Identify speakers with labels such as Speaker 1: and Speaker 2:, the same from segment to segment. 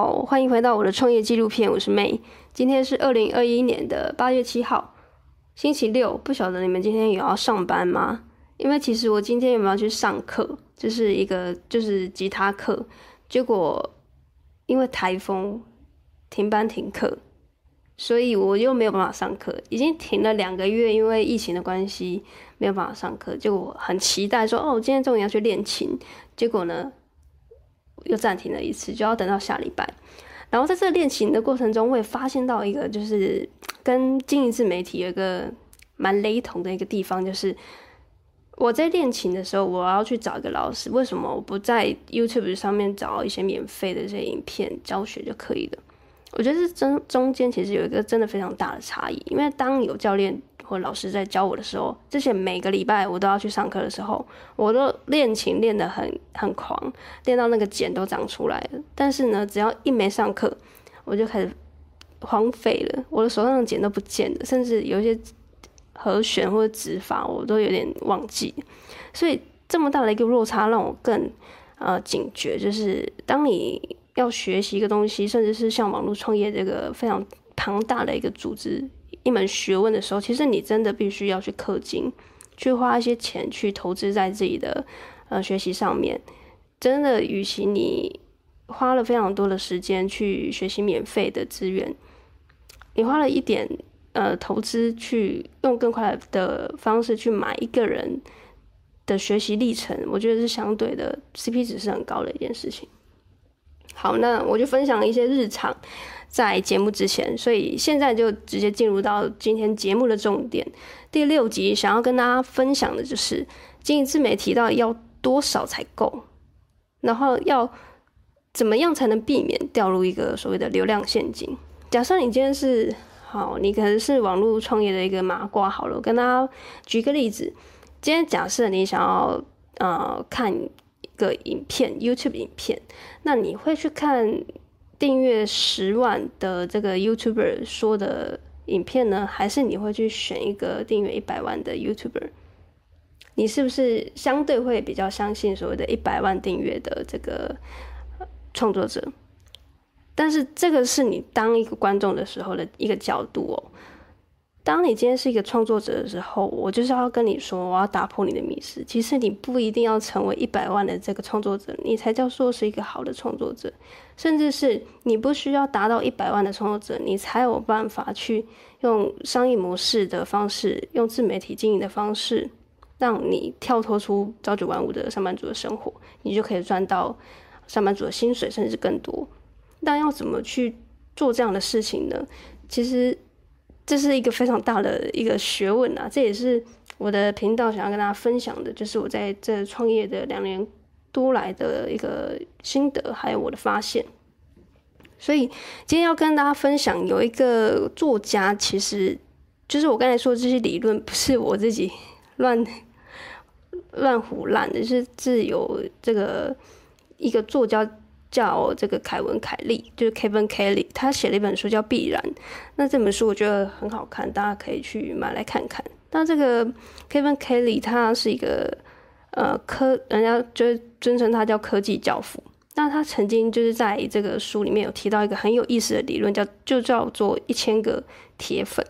Speaker 1: 好、哦，歡迎回到我的創業紀錄片。我是 May，今天是二零二一年的八月七號，星期六。不曉得你們今天有要上班嗎？因為其實我今天有沒有去上課，就是一個就是吉他課。結果因為台風停班停課，所以我又沒有辦法上課。已經停了兩個月，因為疫情的關係沒有辦法上課。就我很期待說，哦，我今天終於要去練琴。結果呢？又暫停了一次，就要等到下禮拜。然後在這練琴的過程中，我也發現到一個，就是跟經營自媒體有一個蠻雷同的一個地方，就是我在練琴的時候，我要去找一個老師。為什麼我不在 YouTube 上面找一些免費的一些影片教學就可以了？我覺得這中中間其實有一個真的非常大的差異，因為當有教練。或者老師在教我的時候，之前每個禮拜我都要去上課的時候，我都練琴練得很很狂，練到那個繭都長出來。但是呢，只要一沒上課，我就開始荒廢了，我的手上的繭都不見了，甚至有一些和弦或者指法我都有點忘記。所以這麼大的一個落差，讓我更呃警覺，就是當你要學習一個東西，甚至是像網絡創業這個非常龐大的一個組織。一門學問的時候，其實你真的必須要去氪金，去花一些錢去投資在自己的呃學習上面。真的，與其你花了非常多的時間去學習免費的資源，你花了一點呃投資去用更快的方式去買一個人的學習歷程，我覺得是相對的，CP 值是很高的一件事情。好，那我就分享一些日常，在節目之前，所以現在就直接進入到今天節目的重點。第六集想要跟大家分享的就是經營自媒體到底要多少才夠，然後要怎麼樣才能避免掉入一個所謂的流量陷阱？假設你今天是好，你可能是網絡創業的一個麻瓜。好了，我跟大家舉個例子，今天假設你想要呃看。個影片，YouTube 影片，那你會去看訂閱十萬的這個 YouTuber 說的影片呢？還是你會去選一個訂閱一百萬的 YouTuber？你是不是相對會比較相信所謂的一百萬訂閱的這個、呃、創作者？但是這個是你當一個觀眾的時候的一個角度哦。當你今天是一個創作者的時候，我就是要跟你說，我要打破你的迷思。其實你不一定要成為一百萬的這個創作者，你才叫做是一個好的創作者。甚至是你不需要達到一百萬的創作者，你才有辦法去用商業模式的方式，用自媒體經營的方式，讓你跳脫出朝九晚五的上班族的生活，你就可以賺到上班族的薪水，甚至更多。但要怎麼去做這樣的事情呢？其實。這是一個非常大的一個學問啊，這也是我的頻道想要跟大家分享的，就是我在這創業的兩年多來的，一個心得，還有我的發現。所以今天要跟大家分享，有一個作家，其實就是我剛才說的這些理論，不是我自己亂亂唬爛的，就是自有這個一個作家。叫這個凱文凱利，就是 Kevin Kelly，他寫了一本書叫《必然》，那這本書我覺得很好看，大家可以去買來看看。那這個 Kevin Kelly 他是一個呃科，人家就尊稱他叫科技教父。那他曾經就是在這個書裡面有提到一個很有意思的理論，叫就叫做一千個鐵粉。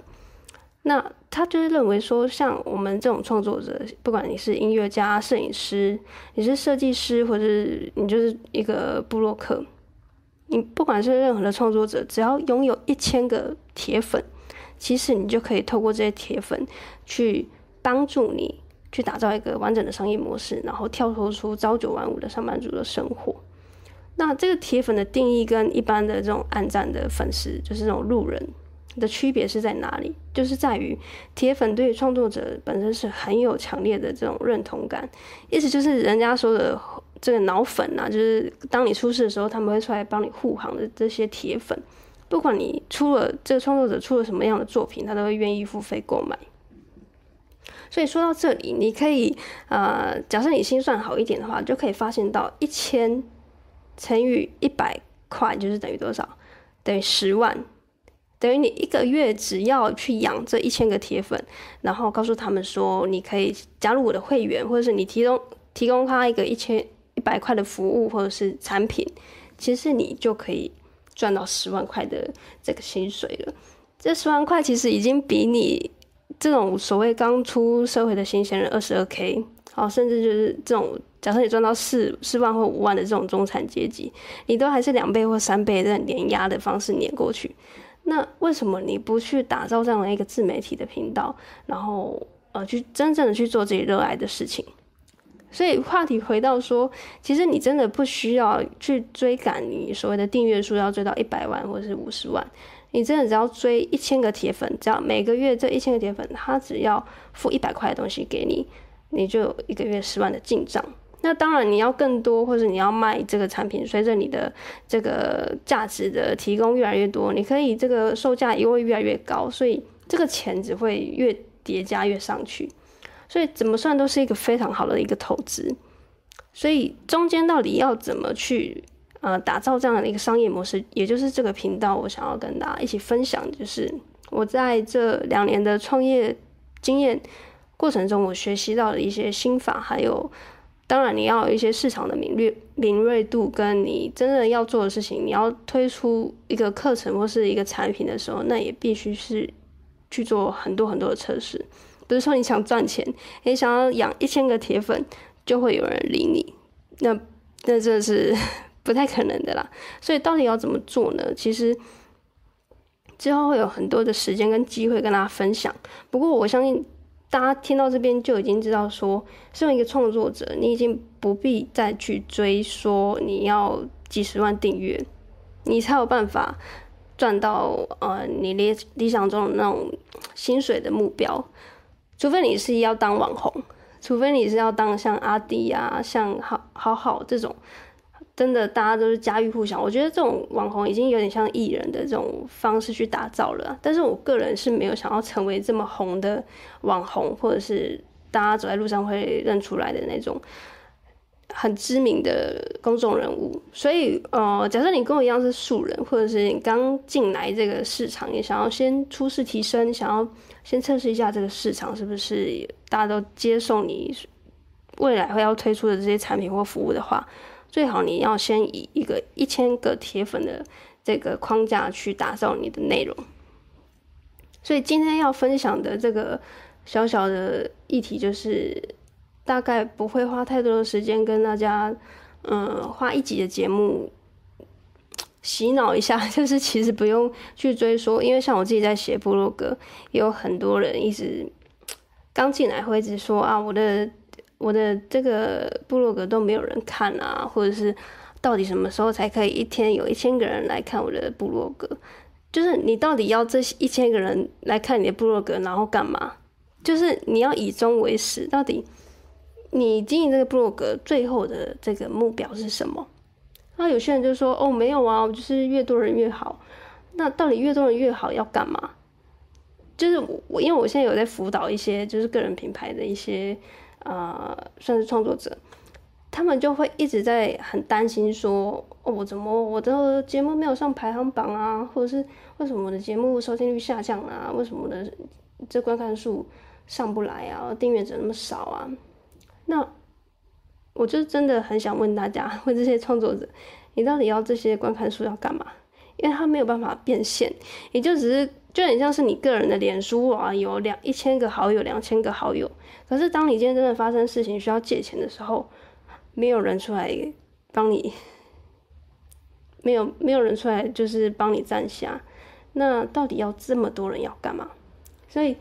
Speaker 1: 那他就是認為說，像我們這種創作者，不管你是音樂家、攝影師，你是設計師，或者是你就是一個部落客，你不管是任何的創作者，只要擁有一千個鐵粉，其實你就可以透過這些鐵粉去幫助你去打造一個完整的商業模式，然後跳脫出出朝九晚五的上班族的生活。那這個鐵粉的定義跟一般的這種按讚的粉絲，就是那種路人。的區別是在哪裡？就是在於鐵粉對於創作者本身是很有強烈的這種認同感，意思就是人家說的這個腦粉吶、啊，就是當你出事的時候，他們會出來幫你護航的這些鐵粉，不管你出了這個創作者出了什麼樣的作品，他都會願意付費購買。所以說到這裡，你可以，呃，假設你心算好一點的話，就可以發現到一千乘以一百塊就是等於多少？等於十萬。等於你一個月只要去養這一千個鐵粉，然後告訴他們說，你可以加入我的會員，或者是你提供提供他一個一千一百塊的服務或者是產品，其實你就可以賺到十萬塊的這個薪水了。這十萬塊其實已經比你這種所謂剛出社會的新鮮人二十二 K，哦，甚至就是這種假設你賺到四四萬或五萬的這種中產階級，你都還是兩倍或三倍的碾壓的方式碾過去。那為什麼你不去打造這樣的一個自媒體的頻道，然後呃，去真正的去做自己熱愛的事情？所以話題回到說，其實你真的不需要去追趕你所謂的訂閱數要追到一百萬或是五十萬，你真的只要追一千個鐵粉，這樣每個月這一千個鐵粉他只要付一百塊的東西給你，你就有一個月十萬的進賬。那當然，你要更多，或者你要賣這個產品，隨着你的這個價值的提供越來越多，你可以這個售價也會越來越高，所以這個錢只會越疊加越上去。所以怎麼算都是一個非常好的一個投資。所以中間到底要怎麼去呃打造這樣的一個商業模式，也就是這個頻道，我想要跟大家一起分享，就是我在這兩年的創業經驗過程中，我學習到了一些心法，還有。當然，你要有一些市場的敏銳敏銳度，跟你真正要做的事情，你要推出一個課程或是一個產品的時候，那也必須是去做很多很多的測試。比如說你想賺錢，你想要養一千個鐵粉，就會有人理你，那那這是不太可能的啦。所以到底要怎麼做呢？其實之後會有很多的時間跟機會跟大家分享。不過我相信。大家聽到這邊就已經知道說，說身為一個創作者，你已經不必再去追說你要幾十萬訂閱，你才有辦法賺到呃你理理想中的那種薪水的目標。除非你是要當網紅，除非你是要當像阿滴啊、像好好好這種。真的，大家都是家喻戶曉。我覺得這種網紅已經有點像藝人的這種方式去打造了。但是，我個人是沒有想要成為這麼紅的網紅，或者是大家走在路上會認出來的那種很知名的公眾人物。所以，呃，假設你跟我一樣是素人，或者是你剛進來這個市場，你想要先初試啼聲，想要先測試一下這個市場是不是大家都接受你未來會要推出的這些產品或服務的話，最好你要先以一個一千個鐵粉的這個框架去打造你的內容。所以今天要分享的這個小小的議題，就是大概不會花太多的時間跟大家，嗯，花一集的節目洗腦一下，就是其實不用去追說，因為像我自己在寫部落格，也有很多人一直剛進來會一直說啊，我的。我的這個部落格都沒有人看啊，或者是到底什麼時候才可以一天有一千個人來看我的部落格？就是你到底要這一千個人來看你的部落格，然後幹嘛？就是你要以終為始，到底你經營這個部落格最後的這個目標是什麼？那有些人就說哦，沒有啊，我就是越多人越好。那到底越多人越好要幹嘛？就是我，我因為我現在有在輔導一些就是個人品牌的一些，啊、呃、算是創作者，他們就會一直在很擔心說，哦，我怎麼我的節目沒有上排行榜啊，或者是為什麼我的節目收聽率下降啊，為什麼我的這觀看數上不來啊，訂閱者那麼少啊？那我就真的很想問大家，問這些創作者，你到底要這些觀看數要幹嘛？因為它沒有辦法變現，也就只是就很像是你個人的臉書啊，有兩一千個好友，兩千個好友。可是當你今天真的發生事情需要借錢的時候，沒有人出來幫你，沒有沒有人出來就是幫你站下。那到底要這麼多人要幹嘛？所以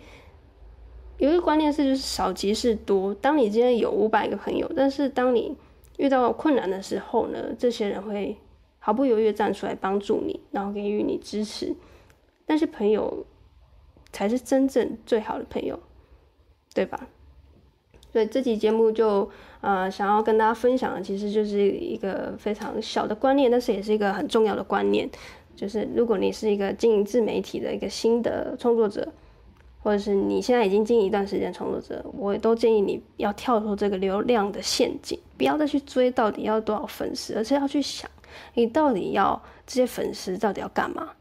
Speaker 1: 有一個觀念是就是少即是多。當你今天有五百個朋友，但是當你遇到困難的時候呢，這些人會。毫不猶豫站出來幫助你，然後給予你支持，但是朋友才是真正最好的朋友，對吧？所以這期節目就呃想要跟大家分享的，其實就是一個非常小的觀念，但是也是一個很重要的觀念，就是如果你是一個經營自媒體的一個新的創作者，或者是你現在已經經營一段時間創作者，我也都建議你要跳出這個流量的陷阱，不要再去追到底要多少粉絲，而是要去想。你到底要這些粉絲到底要幹嘛？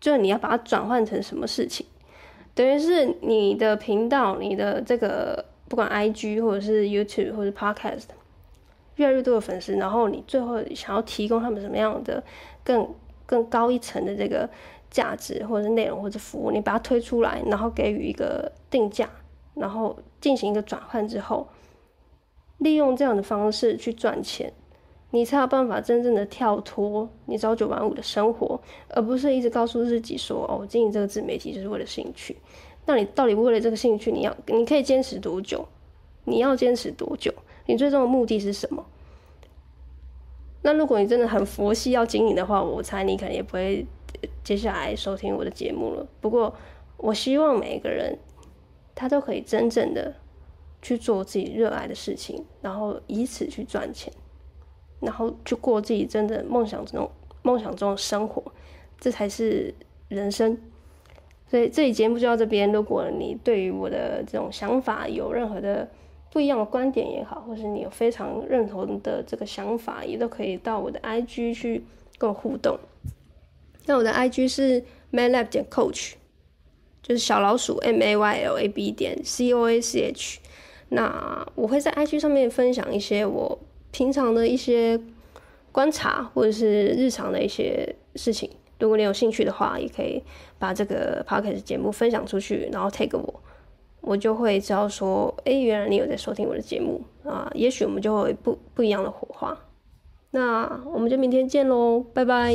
Speaker 1: 就是你要把它轉換成什麼事情？等於是你的頻道、你的這個不管 IG 或者是 YouTube 或者是 Podcast，越來越多的粉絲，然後你最後想要提供他們什麼樣的更更高一層的這個價值，或者是內容，或者服務，你把它推出來，然後給予一個定價，然後進行一個轉換之後，利用這樣的方式去賺錢。你才有辦法真正的跳脫你朝九晚五的生活，而不是一直告訴自己說：“哦，經營這個自媒體就是為了興趣。”那你到底為了這個興趣，你要你可以堅持多久？你要堅持多久？你最終的目的是什麼？那如果你真的很佛系要經營的話，我猜你可能也不會、呃、接下來收聽我的節目了。不過，我希望每一個人他都可以真正的去做自己熱愛的事情，然後以此去賺錢。然後去過自己真的夢想中夢想中的生活，這才是人生。所以這一節目就到這邊。如果你對於我的這種想法有任何的不一樣的觀點也好，或是你有非常認同的這個想法，也都可以到我的 IG 去跟我互動。那我的 IG 是 maylab 點 coach，就是小老鼠 m a y l a b 點 c o a c h。那我會在 IG 上面分享一些我。平常的一些觀察，或者是日常的一些事情，如果你有興趣的話，也可以把這個 podcast 節目分享出去，然後 take 我，我就會知道說，哎，原來你有在收聽我的節目啊，也許我們就會不不一樣的火花。那我們就明天見嘍，拜拜。